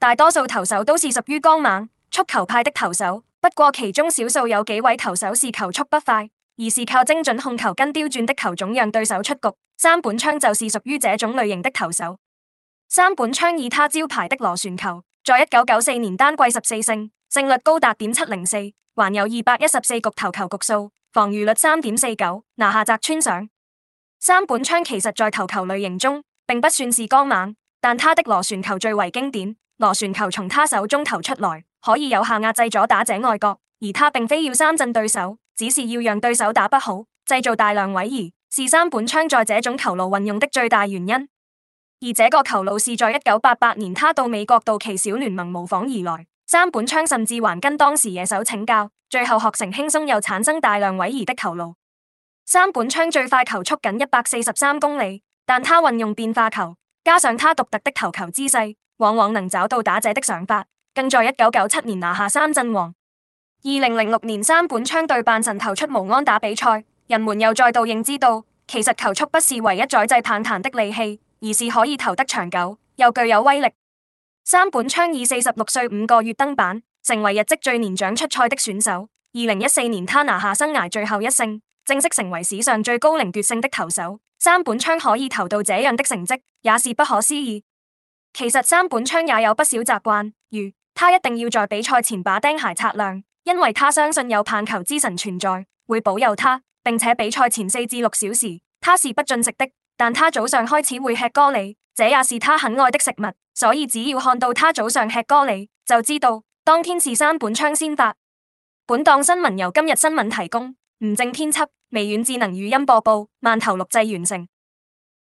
大多數投手都是屬於剛猛速球派的投手，不過其中少數有幾位投手是球速不快，而是靠精準控球跟刁鑽的球種讓對手出局。山本昌就是屬於這種類型的投手。山本昌以他招牌的螺旋球，在一九九四年單季十四勝，勝率高達點七零四，還有二百一十四局投球局數，防御率三點四九，拿下澤村賞。山本昌其實，在投球類型中，並不算是剛猛，但他的螺旋球最為經典。螺旋球從他手中投出來，可以有效壓制咗打者外角，而他並非要三振對手，只是要讓對手打不好，製造大量位移是山本昌在這種球路運用的最大原因，而這個球路是在一九八八年他到美國道奇小聯盟模仿而來。山本昌甚至還跟當時野手請教，最後學成輕鬆又產生大量位移的球路。山本昌最快球速僅一百四十三公里，但他運用變化球，加上他獨特的投球姿勢。往往能找到打者的想法，更在一九九七年拿下三振王。二零零六年山本昌對阪神投出無安打比賽，人們又再度認知到，其實球速不是唯一宰制棒壇的利器，而是可以投得長久又具有威力。山本昌以四十六歲五個月登板，成為日職最年長出賽的選手。二零一四年，他拿下生涯最後一勝，正式成為史上最高齡決勝的投手。山本昌可以投到這樣的成績，也是不可思議。其實山本昌也有不少習慣，如他一定要在比賽前把釘鞋擦亮，因為他相信有棒球之神存在，會保佑他，並且比賽前四至六小時他是不進食的。但他早上開始會吃咖喱，這也是他很愛的食物，所以只要看到他早上吃咖喱，就知道當天是山本昌先發。本檔新聞由今日新聞提供，吳正編輯，微軟智能語音播報，饅頭錄製完成。